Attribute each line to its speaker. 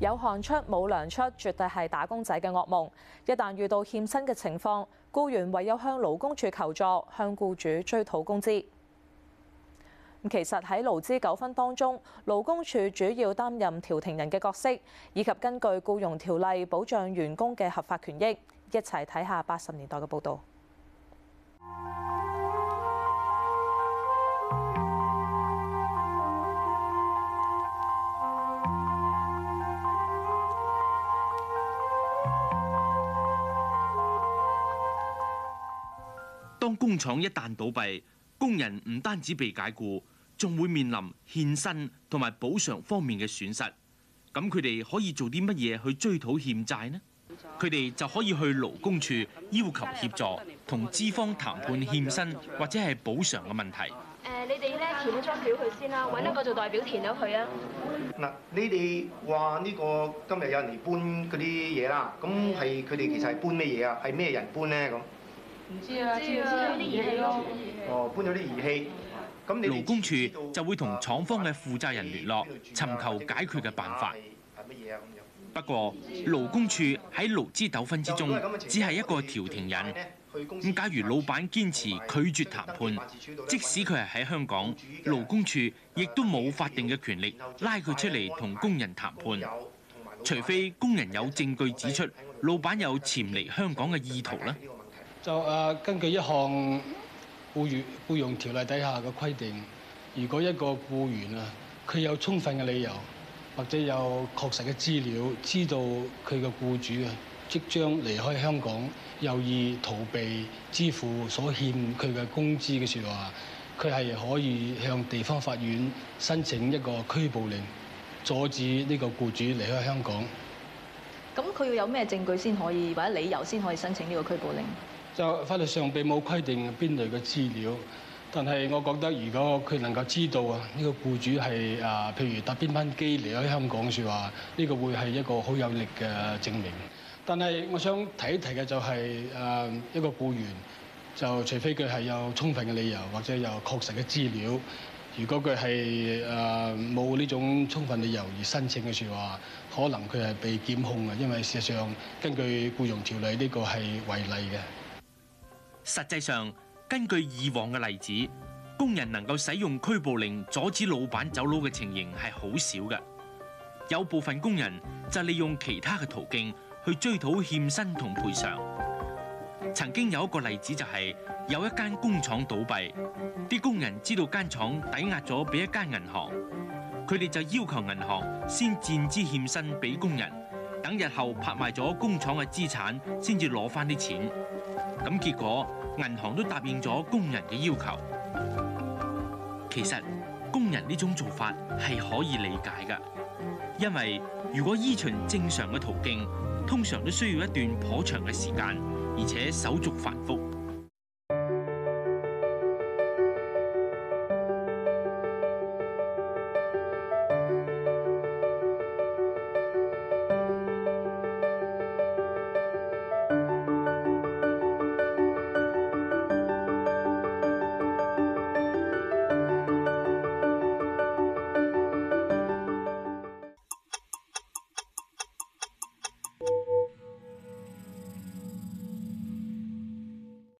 Speaker 1: 有汗出冇糧出，絕對係打工仔嘅噩夢。一旦遇到欠薪嘅情況，僱員唯有向勞工處求助，向僱主追討工資。其實喺勞資糾紛當中，勞工處主要擔任調停人嘅角色，以及根據僱傭條例保障員工嘅合法權益。一齊睇下八十年代嘅報道。當工廠一旦倒閉，工人唔單止被解雇，仲會面臨欠薪同埋補償方面嘅損失。咁佢哋可以做啲乜嘢去追討欠債呢？佢哋就可以去勞工處要求協助，同資方談判欠薪或者係補償嘅問題。誒、呃，你哋咧填咗張表佢先啦，揾一個做代表填咗佢啊。嗱、嗯，你哋話呢個今日有人嚟搬嗰啲嘢啦，咁係佢哋其實係搬咩嘢啊？係咩、嗯、人搬呢？咁？唔知啊，搬咗啲儀器咯。哦，搬咗啲儀器。咁勞工處就會同廠方嘅負責人聯絡，尋求解決嘅辦法。不過，勞工處喺勞資糾紛之中，只係一個調停人。咁假如老闆堅持拒絕談判，即使佢係喺香港，勞工處亦都冇法定嘅權力拉佢出嚟同工人談判。除非工人有證據指出老闆有潛離香港嘅意圖呢。
Speaker 2: 就、啊、根據一項僱員僱傭條例底下嘅規定，如果一個僱員啊，佢有充分嘅理由或者有確實嘅資料，知道佢嘅僱主啊即將離開香港，有意逃避支付所欠佢嘅工資嘅說話，佢係可以向地方法院申請一個拘捕令，阻止呢個僱主離開香港。
Speaker 1: 咁佢要有咩證據先可以或者理由先可以申請呢個拘捕令？
Speaker 2: 就法律上並冇規定邊類嘅資料，但係我覺得，如果佢能夠知道啊，呢、這個僱主係啊，譬如搭邊班機離開香港，說話，呢、這個會係一個好有力嘅證明。但係我想提一提嘅就係、是、誒一個僱員，就除非佢係有充分嘅理由或者有確實嘅資料，如果佢係誒冇呢種充分嘅理由而申請嘅，說話，可能佢係被檢控嘅，因為事實上根據僱傭條例呢、這個係違例嘅。
Speaker 1: 實際上，根據以往嘅例子，工人能夠使用拘捕令阻止老闆走佬嘅情形係好少嘅。有部分工人就利用其他嘅途徑去追討欠薪同賠償。曾經有一個例子就係、是、有一間工廠倒閉，啲工人知道間廠抵押咗俾一間銀行，佢哋就要求銀行先墊支欠薪俾工人，等日後拍賣咗工廠嘅資產先至攞翻啲錢。咁結果，銀行都答應咗工人嘅要求。其實工人呢種做法係可以理解嘅，因為如果依循正常嘅途徑，通常都需要一段頗長嘅時間，而且手續繁複。